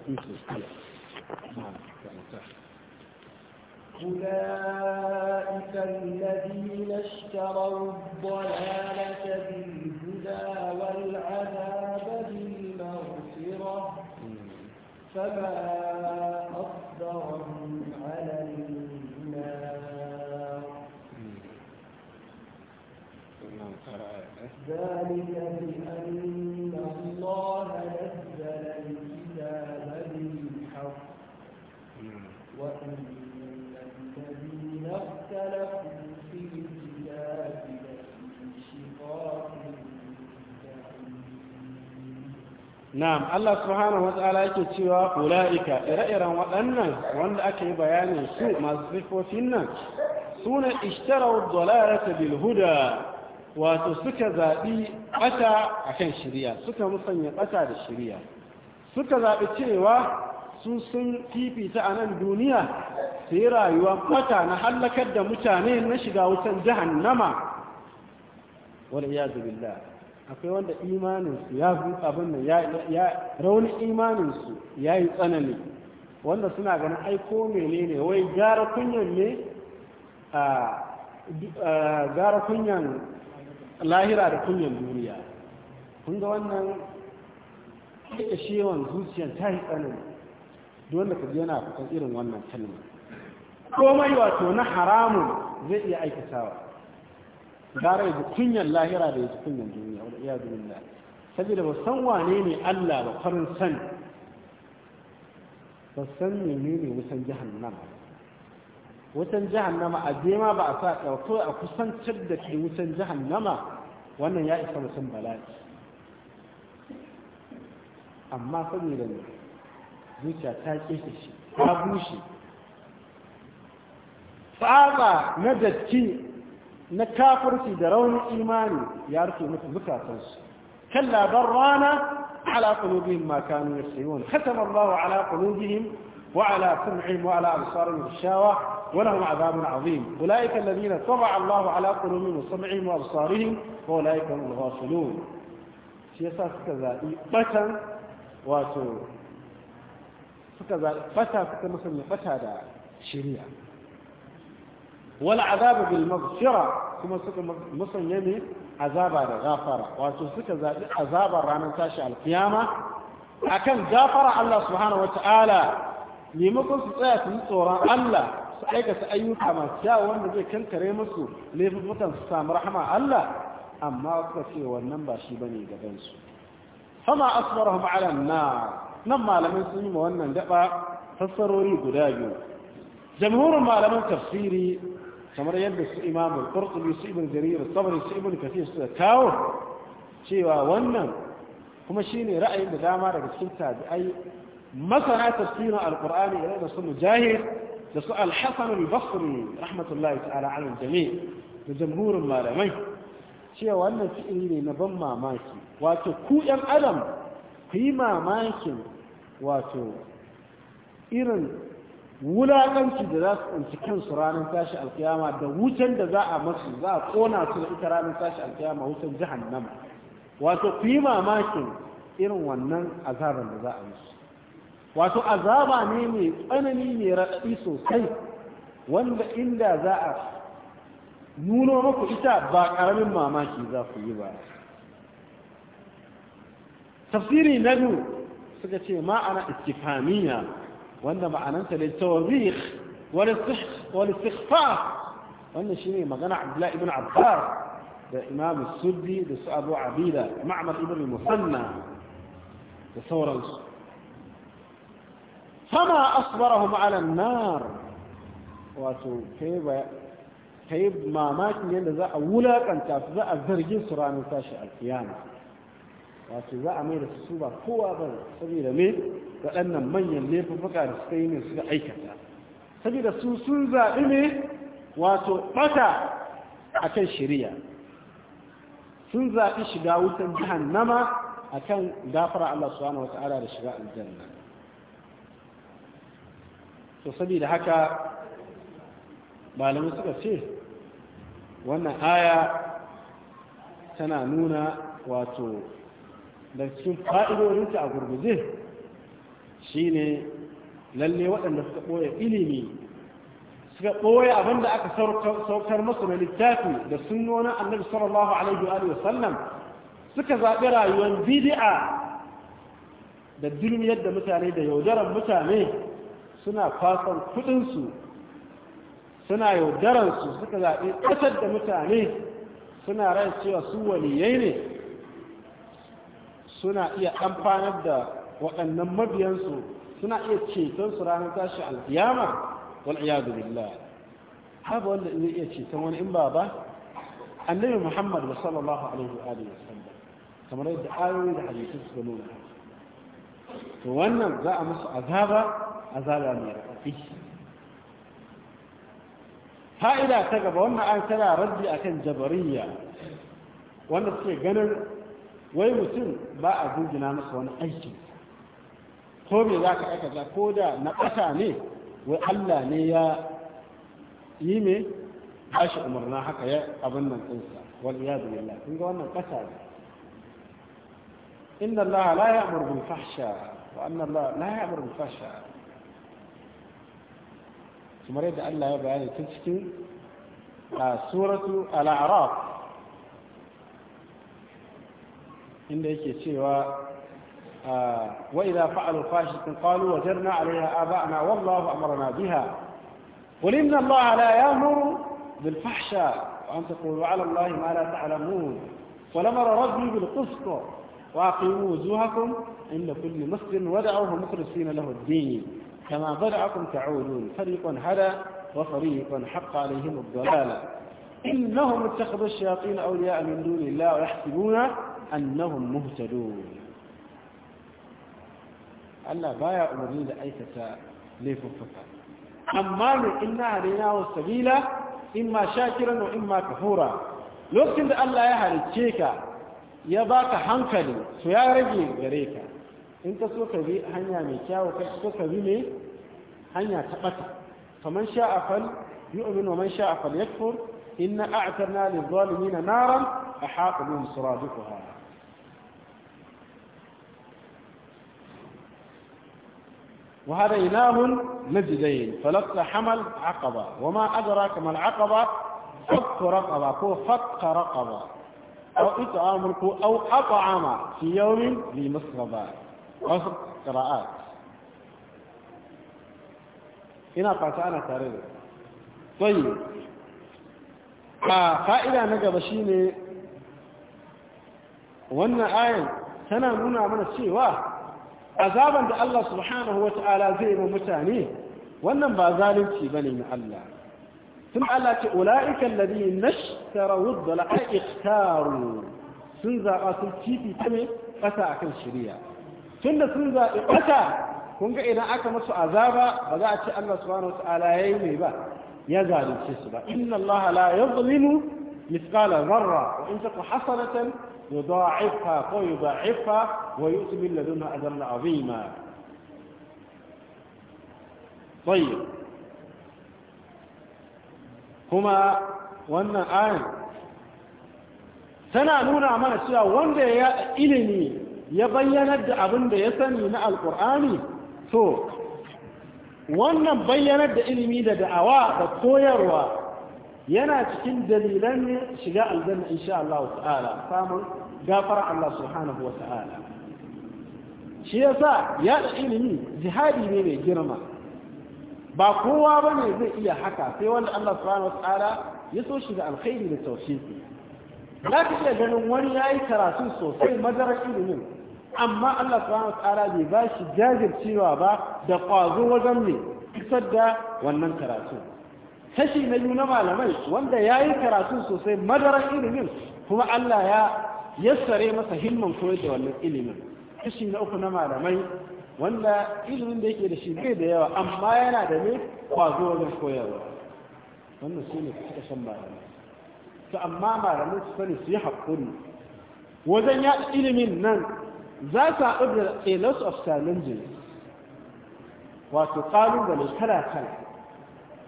ce أولئك الذين اشتروا الضلالة بالهدى والعذاب بالمغفرة فما أصدرهم على النار نعم. ذلك بأن na'am Allah subhanahu wa ta'ala yake cewa ulaika ire-iren waɗannan wanda aka yi bayanin su masu sifofin nan suna ishtarau dalalata bil huda wato suka zaɓi ɓata akan shirya suka musanya ɓata da shirya suka zaɓi cewa su sun fifita a nan duniya sai rayuwa kwata na hallakar da mutane na shiga wutan jahannama wal iyazu billah akwai wanda imaninsu ya fi abin nan ya raunin imaninsu ya yi tsanani wanda suna ganin aiko menene wai gara kunyan ne a gara kunyan lahira da kunyan duniya kun ga wannan ita shewan zuciyar ta yi tsanani wanda ka yana fitan irin wannan kalma komai wato na haramun zai iya aikatawa gara ya kunyan lahira da ya ji kunyan duniya wa iyadu billah saboda ba san wane ne Allah ba farin san ba san ne ne wutan jahannama wutan jahannama a je ma ba a sa ɗauko a kusancin da ke wutan jahannama wannan ya isa mutum bala'i amma saboda ne zuciya ta ƙeƙe shi ta bushe tsaba na datti na kafirci da raunin imani ya rufe mutu zukatansu kan labar rana ala kulubihim ma kanu ya sayi wani hasam Allah ala kulubihim wa ala sam'ihim wa ala absarin shawa wa lahum azabun azim ulaika alladhina wa sam'ihim wa absarihim wa ulaika al shi yasa suka zabi batan suka zabi bata suka musulmi bata da shari'a wal azaba bil maghfira kuma suka musanya ne azaba da gafara wato suka zabi azabar ranar tashi alkiyama akan gafara Allah subhanahu wataala maimakon su tsaya su tsoron Allah su aikata ayyuka masu kyawu wanda zai kankare musu laifukan su samu rahama Allah amma suka ce wannan ba shi bane gaban su fama asbarahum ala nar nan malamin sun yi ma wannan daba fassarori guda biyu jamhurin malaman tafsiri kamar yadda su imamul qurtubi su ibn jarir sabri su ibn kathir su kawo cewa wannan kuma shine ra'ayin da dama daga cikin tabi'ai masana tafsirin alqur'ani irin da su mujahid da su al-hasan al-basri rahmatullahi ta'ala jami' da jamhurin malamai cewa wannan fi'ili ne na ban mamaki wato ku yan adam ku yi mamakin wato irin wulaƙanci da za su ɗanci kansu ranar tashi alkiyama da wutan da za a masu za a ƙona su da ita ranar tashi alkiyama wucin jahannama wato ku yi mamakin irin wannan azabar da za a musu wato azaba ne mai tsanani mai raɗaɗi sosai wanda inda za a nuno maku ita ba ƙaramin mamaki za ku yi ba tafsiri na biyu suka ce ma'ana istifamiya وإنما أنت للتوبيخ والاستخفاف وإن شيني مغنى عبد الله ابن عبار ده إمام السدي ده عبيدة معمر ابن المثنى ده ثورة فما أصبرهم على النار واتو كيب كيب ما ماكن يلزا أولاك أنت أفضاء الزرجين سرعان وتاشع القيامة wato za a mai su ba kowa ba saboda me waɗannan manyan laifuka da suka yi ne suka aikata saboda su sun zaɓi ne wato ɓata a kan shirya sun zaɓi shiga wutan jihannama a kan gafara Allah su subhanahu wata'ala da shiga aljanna to saboda haka malamai suka ce wannan aya tana nuna wato da cikin fa'idodinta a gurguje shi ne lalle waɗanda suka ɓoye ilimi suka ɓoye abin da aka saukar masu na littafi da sun nuna annabi sallallahu alaihi wa sallam suka zaɓi rayuwar bidiyar da dulmiyar da mutane da yaudarar mutane suna kwasan kuɗinsu suna yaudararsu suka zaɓi ƙasar da mutane suna ran cewa su waliyai ne suna iya amfanar da waɗannan mabiyansu suna iya ceton su ranar tashi alkiyama wal iyadu billah haba wanda zai iya ceton wani in ba ba annabi muhammad wa sallallahu alaihi wa sallam, kamar yadda ayoyi da hadisi suka nuna to wannan za a musu azaba azaba mai rafi fa'ida ta gaba wannan an tana raddi akan jabariya wanda suke ganin wai mutum ba a gugina masa wani aiki ko me za ka aikata ko da na ƙasa ne wai Allah ne ya yi me ba shi umarna haka ya abin nan ɗinsa wani ya zuwa Allah kun ga wannan ƙasa ne inna Allah la ya amur bil fahsha wa anna Allah la ya amur bil fahsha kamar yadda Allah ya bayani tun cikin a ah, suratu al-a'raf inda yake cewa wa idha fa'alu fashatan qalu wajarna 'alayha aba'ana wallahu amarna biha qul inna allaha la ya'muru bil fahsha wa an taqulu 'ala allahi ma la ta'lamun wa lamara rabbi bil qist واقيموا وجوهكم عند كل مسجد ودعوه مخلصين له الدين كما بدعكم تعودون فريق هدى وفريق حق عليهم الضلاله انهم اتخذوا الشياطين اولياء من دون الله ويحسبون annahum muhtadun Allah baya umarni da aikata laifuffuka amma ne inna harina wa sabila imma shakiran wa imma kafura lokacin da Allah ya halicce ka ya baka hankali su ya rage gare ka in ka so ka bi hanya mai kyawu ka so ka bi ne hanya ta bata faman sha'a fal yu'min wa man sha'a fal yakfur inna a'tarna lil zalimin naran ahata bihim suradiquha وهديناه نجدين فلقى حمل عقبة وما أدراك ما العقبة فك رقبة كو فك رقبة أو إطعام أو أطعم في يوم ذي مسغبة قراءات هنا قطعنا تاريخ طيب آه، فائدة نجد شيني وأن آية tana من الشيء cewa azaban da Allah subhanahu wa ta'ala zai ma mutane wannan ba zalunci ba ne na Allah sun Allah ce ula'ika alladhi da ad-dala'a ikhtaru sun zaɓa sun cifi ta a kan akan tun tunda sun zaɓi ƙasa kun ga idan aka musu azaba ba za a ce Allah subhanahu wa ta'ala yayi mai ba ya zalunce su ba inna Allah la yuzlimu mithqala dharra wa in taku hasanatan يضاعفها فيضاعفها ويؤتي لدنها اجرا عظيما طيب هما وانا ان سنا نونا من السياء وانا يأذني يبين الدعبن يسني من القرآن سوء وانا بيّن الدعبن دعواء بطويروا ينا تكين دليلا شجاء الجنة إن شاء الله تعالى فامل gafara Allah subhanahu wa ta'ala shi yasa yaɗa ilimi jihadi ne mai girma ba kowa ba ne zai iya haka sai wanda Allah subhanahu wa ta'ala ya so shi da alkhairi da taushiki za ka iya ganin wani ya yi karatu sosai madarar ilimin amma Allah subhanahu wa ta'ala bai ba shi jajircewa ba da ƙwazo wajen ne isar da wannan karatu kashi na biyu na malamai wanda ya yi karatu sosai madarar ilimin kuma Allah ya yassare masa himman koyar da wannan ilimin kashi na uku na malamai wanda ilimin da yake da shi bai da yawa amma yana da ne kwazo wajen koyarwa wannan su ne suka san malamai to amma malamai su sani su yi haƙuri wajen ya ilimin nan za su haɗu da a lot of challenges wato ƙalubale kala-kala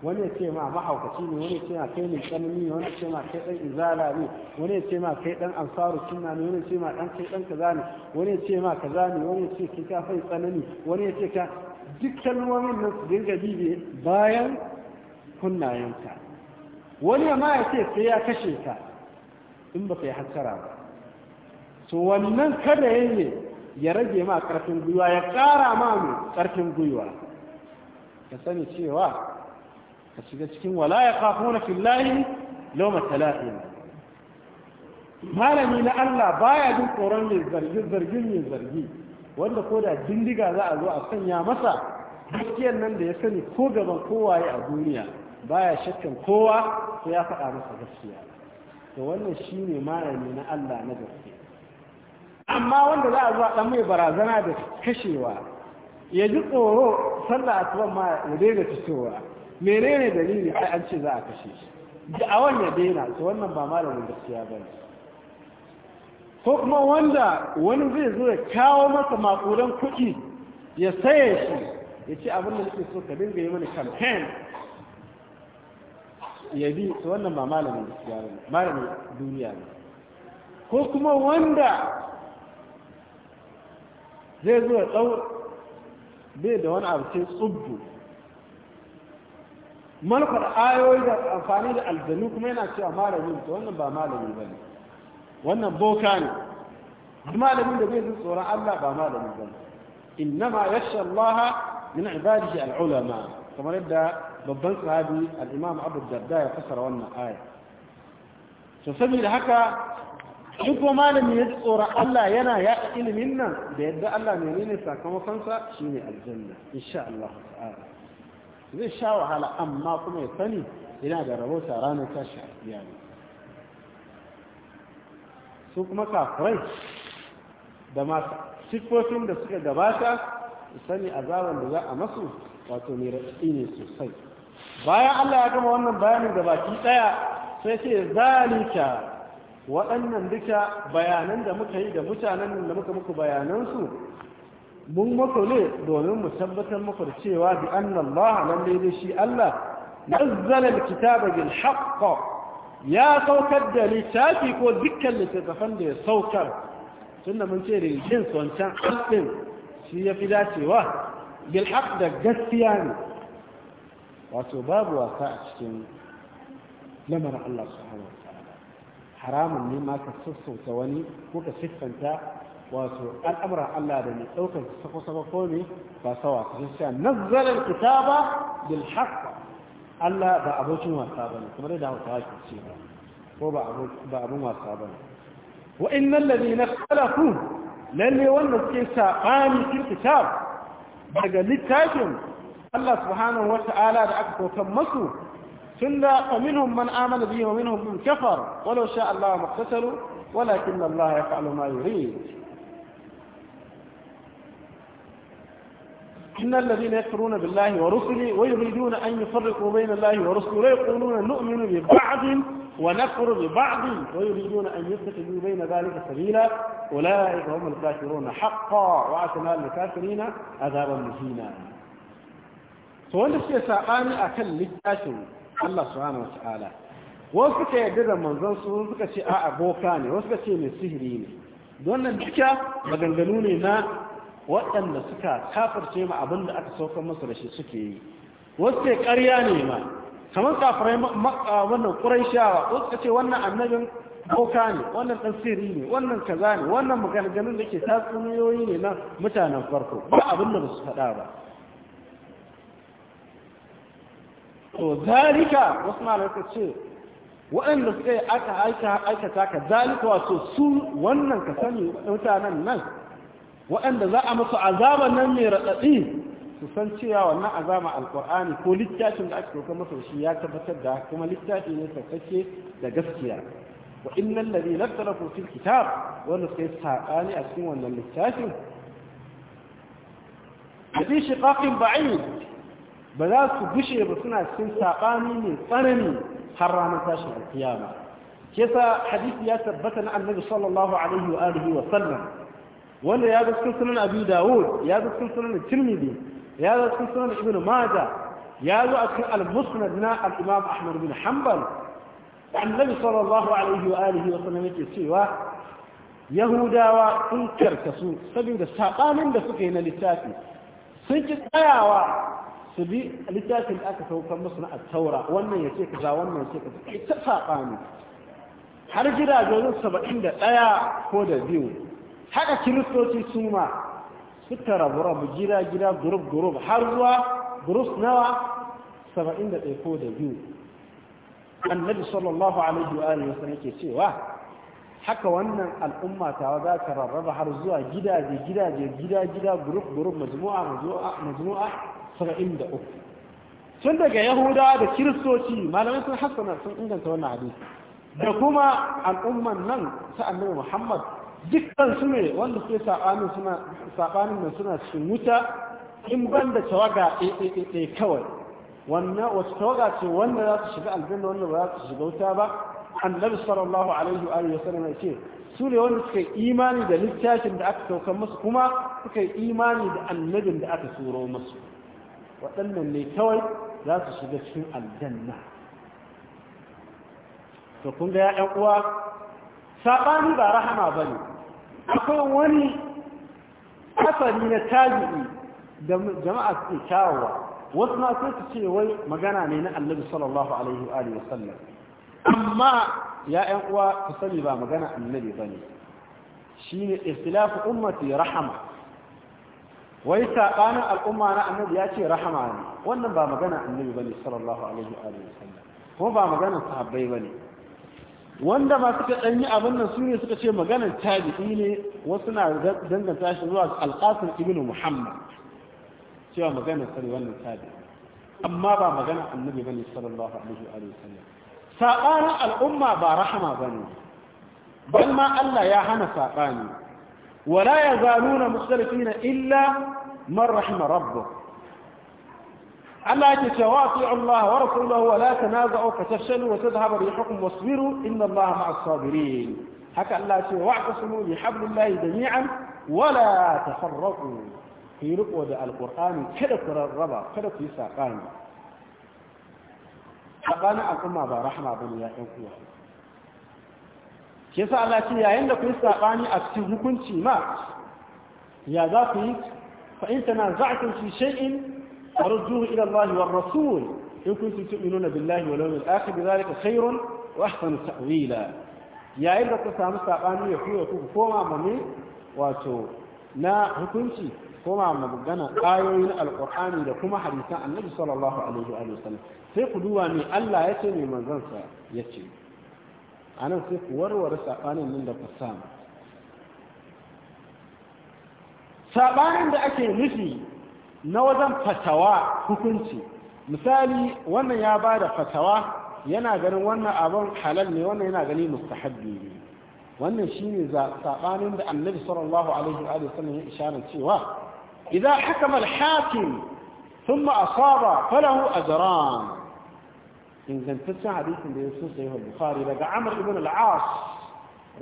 wani ya ce ma mahaukaci ne wani ya ce ma kai mai tsanani ne wani ya ce ma kai dan izala ne wani ya ce ma kai dan ansaru sunna ne wani ya ce ma dan kai dan kaza ne wani ya ce ma kaza ne wani ya ce kai ka fai tsanani wani ya ce ka duk kalmomin nan su dinga bibe bayan kunnayenka wani ma ya ce sai ya kashe ka in ba kai hankara ba to wannan kada yayi ya rage ma karfin gwiwa ya kara ma mu karfin gwiwa ka sani cewa ka shiga cikin wala ya kafuna fillahi lawma talahin malami na Allah baya jin tsoron mai zargi zargin mai zargi wanda ko da bindiga za a zo a sanya masa gaskiyar nan da ya sani ko gaban kowaye a duniya baya shakkan kowa sai ya faɗa masa gaskiya to wannan shine malami na Allah na gaskiya amma wanda za a zo a dan mai barazana da kashewa ya ji tsoro sallah asuban ma ya daina fitowa menene dalili ai an ce za a kashe shi da'awar ya daina to wannan ba malamin gaskiya ba ne ko kuma wanda wani zai zo ya kawo masa makudan kuɗi ya saye shi ya ce abin da nake so ka dinga yi mana campaign ya bi to wannan ba malamin gaskiya ba ne malamin duniya ne ko kuma wanda zai zo ya tsau bai da wani abu sai tsubbu malakar ayoyi da amfani da aljanu kuma yana cewa malamin ta wannan ba malami ba ne wannan boka ne malamin da zai tsoron Allah ba malami ba ne innama yasha Allah min ibadihi al-ulama kamar yadda babban sahabi al-imam Abu Darda ya fassara wannan aya to saboda haka in ko malami ya tsoron Allah yana ya ilimin nan da yadda Allah ne sakamakonsa shine aljanna insha Allah ta'ala zai sha wahala amma kuma ya sani yana da rabota ranar tashi a kiyama su kuma kafirai da masu siffofin da suka gabata sani azaban da za a masu wato mai raɗi ne sosai bayan allah ya gama wannan bayanin da baki ɗaya sai ce zalika waɗannan duka bayanan da muka yi da mutanen da muka muku bayanansu mun mako ne domin mu tabbatar maka da cewa bi annallaha nan daidai shi Allah nazzala alkitaba bil haqq ya saukar da littafi ko dukkan littafan da ya saukar tunda mun ce rigin soncan haƙin shi ya fi dacewa bil haqq da gaskiya ne wato babu wasa a cikin lamarin Allah subhanahu wa ta'ala haramun ne ma ka sassauta wani ko ka siffanta نزل الكتاب بالحق الا با ابو كما دا هو تاك سي هو با ابو با ابو ما صابن وان الذين اختلفوا لن يولوا كيسا قام في الكتاب بقى لتاكم الله سبحانه وتعالى بأكبر كمسوا سنة ومنهم من آمن به ومنهم من كفر ولو شاء الله مقتتلوا ولكن الله يفعل ما يريد إن الذين يكفرون بالله ورسله ويريدون أن يفرقوا بين الله ورسله ويقولون نؤمن ببعض ونكفر ببعض ويريدون أن يتخذوا بين ذلك سبيلا أولئك هم الكافرون حقا وأعتنا الكافرين عذابا مهينا فوند ساقان أكل a الله سبحانه وتعالى subhanahu wata'ala من suka yarda شيء أبوكاني su شيء من a'a دون ne wasu suka ce waɗanda suka kafirce ma abin da aka saukar masa da shi suke yi wasu ke ƙarya ne ma kamar kafirai wannan ƙuraishawa wasu ka ce wannan annabin boka ne wannan ɗan sirri ne wannan kaza ne wannan maganganun da ke tatsuniyoyi ne na mutanen farko ba abin da ba su faɗa ba to zalika wasu malaka ce waɗanda suka yi aka aikata ka zalika wato su wannan ka sani mutanen nan waɗanda za a musu azaba nan mai raɗaɗi su san cewa wannan azaba alkur'ani ko littafin da aka roƙa masa shi ya tabbatar da kuma littafi ne tsakake da gaskiya wa da zai naftarafu fil kitab wanda sai saƙani a cikin wannan littafin fi shiqaqin ba'id ba za su gushe ba suna cikin saƙani mai tsanani har ranar tashin alkiyama kesa hadisi ya tabbata na annabi sallallahu alaihi wa alihi wa sallam wanda ya zo cikin sunan abu dawud ya zo cikin sunan tirmidhi ya zo cikin sunan ibn majah ya zo a cikin al-musnad na al-imam ahmad bin hanbal annabi sallallahu alaihi wa alihi wa sallam yake cewa yahudawa sun karkasu saboda sabanin da suka yi na littafi sun ki tsayawa su bi littafin da aka saukar musu na at-taura wannan yace kaza wannan yace kaza ta sabani har gidajen saba'in da ɗaya ko da biyu haka kiristoci su ma suka rabu-rabu gida-gida gurub-gurub har zuwa gurus nawa 71 ko da biyu annabi sallallahu alaihi wa alihi wasallam yake cewa haka wannan al'umma tawa za ta rarraba har zuwa gidaje gidaje gida-gida gurub-gurub majmu'a majmu'a 73 tun daga yahudawa da kiristoci malamai sun hassana sun inganta wannan hadisi da kuma al'umman nan ta annabi muhammad dukkan su ne wanda ke saɓanin suna saɓanin nan suna cikin wuta in ban da tawaga ɗaya kawai wannan wata tawaga ce wanda za su shiga aljanna wanda ba za su shiga wuta ba annabi sallallahu alaihi wa alihi wasallam ya ce su ne wanda suka yi imani da littafin da aka saukar musu kuma suka yi imani da annabin da aka turo musu waɗannan ne kawai za su shiga cikin aljanna to kun ga ya uwa saɓani ba rahama ba ne akwai wani asali na tabi'i da jama'a suke kyawawa wasu na sai su ce wai magana ne na annabi sallallahu alaihi wa alihi wasallam amma ya ƴan uwa ku sani ba magana annabi bane shine ikhtilafu ummati rahama wai sabanin al'umma na annabi ya ce rahama ne wannan ba magana annabi bane sallallahu alaihi wa alihi wasallam ko ba magana sahabbai bane wanda ma suka ɗanyi abin nan su ne suka ce maganar tabi'i ne wasu na danganta shi zuwa alƙasar Ibnu muhammad cewa maganar sani wannan tabi'i amma ba maganar annabi bane sallallahu alaihi wa sallam saɓanin al'umma ba rahama bane bal ma Allah ya hana saɓani wala yazaluna mukhtalifina illa man rahima rabbuh Allah yake cewa atu Allah wa rasulahu wa la tanaza'u fa tafshalu wa tadhhabu rihukum wasbiru inna Allah ma'as sabirin haka Allah ya ce wa'tasimu bi hablillahi jami'an wa la tafarraqu ku yi riko da alqur'ani kada ku rarraba kada ku yi sakani sakani al'umma ba rahama bane ya ɗan uwa shi yasa Allah ce yayin da ku yi sakani a cikin hukunci ma ya za ku yi fa in tanaza'tum fi shay'in فرجوه إلى الله والرسول إن كنتم تؤمنون بالله واليوم الآخر بذلك خير وأحسن تأويلا يا إذا تسامو ساقاني يكون يكون فوما مني واتو نا hukunci kuma magana ayoyin alkur'ani da kuma hadisan annabi sallallahu alaihi wa sallam sai ku duba Allah ya ce me manzon sa ya ce anan sai ku warware sabanin nan da ku samu sabanin da ake nufi na wajen fatawa hukunci misali wannan ya ba da fatawa yana ganin wannan abin halal ne wannan yana gani mustahabbi ne wannan shine sabanin da annabi sallallahu alaihi wa sallam ya isharar cewa idza hakama al-hakim thumma asaba falahu ajran ingantaccen hadisin da ya so sai bukhari daga amr ibn al-as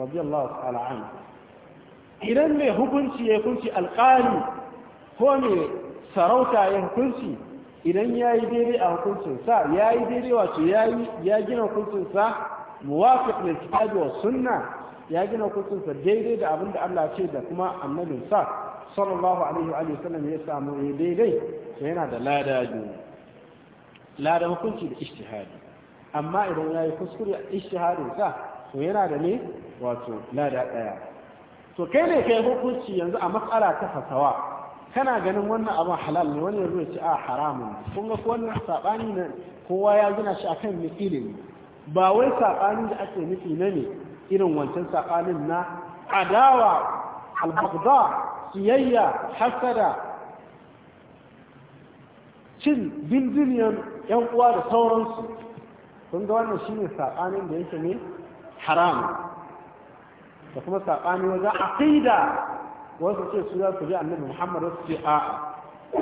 radiyallahu ta'ala anhu idan mai hukunci ya hukunci alqali ko mai sarauta ya hukunci idan ya yi daidai a hukuncinsa ya yi daidai wato ya gina hukuncinsa muwafiq da kitabi wa sunna ya gina hukuncinsa daidai da abin da Allah ce da kuma annabinsa sallallahu alaihi wa sallam ya samu ya daidai to yana da lada ju lada hukunci da ijtihadi amma idan ya yi kuskure a ijtihadinsa to yana da ne wato lada daya to kai ne kai hukunci yanzu a matsala ta fasawa kana ganin wannan abin halal ne wani yanzu ce a haramun kun ga wannan saɓani na kowa ya gina shi akan mai ba wai saɓani da ake nufi na ne irin wancan saɓanin na adawa albagda siyayya hasada cin bindiniyan yan uwa da sauransu kun ga wannan shine saɓanin da yake ne haram da kuma saɓani wajen aqida wasu ce su za su bi annabi muhammad wasu ce a'a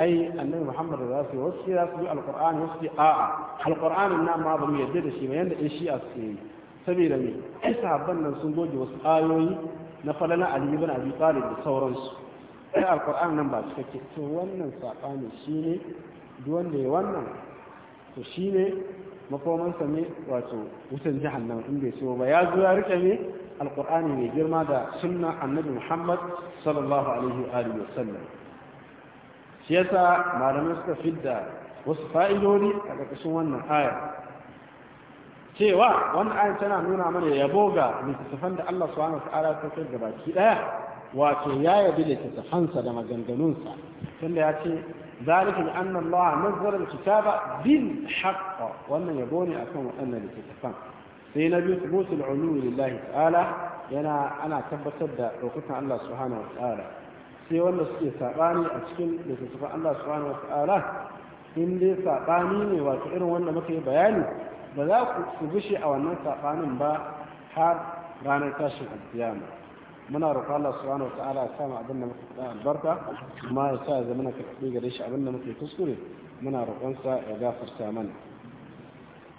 ai annabi muhammad za su yi wasu ce za su bi alqur'ani wasu ce a'a alqur'anin na ma ba mu yadda da shi ba yadda in shi'a suke yi saboda me ai sahabban nan sun goge wasu ayoyi na falala ali ibn abi talib da sauransu ai alqur'an nan ba cikakke to wannan sabani ne duk wanda ya wannan to shi ne makomansa ne wato wutan jihannan in bai so ba ya zo ya rike ne alkur'ani mai girma da sunna annabi muhammad sallallahu alaihi wa alihi wasallam shi yasa malamai suka fidda wasu fa'idodi a ƙarƙashin wannan ayar cewa wannan ayar tana nuna mana yabo ga littattafan da Allah subhanahu ta'ala ta kai gaba baki ɗaya, wato ya yabi littattafansa da maganganunsa tunda ya ce zalika bi anna Allah nazzala al-kitaba bil haqq wannan yabo ne akan waɗannan littattafan sai na biyu thubutul ulu lillahi ta'ala yana ana tabbatar da ɗaukakan Allah subhanahu sai wanda suke saɓani a cikin littattafan Allah subhanahu wa in dai saɓani ne wato irin wanda muka yi bayani ba za ku gushe a wannan saɓanin ba har ranar tashin alkiyama muna roƙon Allah subhanahu wa ya samu abin da muka faɗa albarka kuma ya sa ya zama na karɓi gare shi abin da muke kuskure muna roƙonsa ya gafarta mana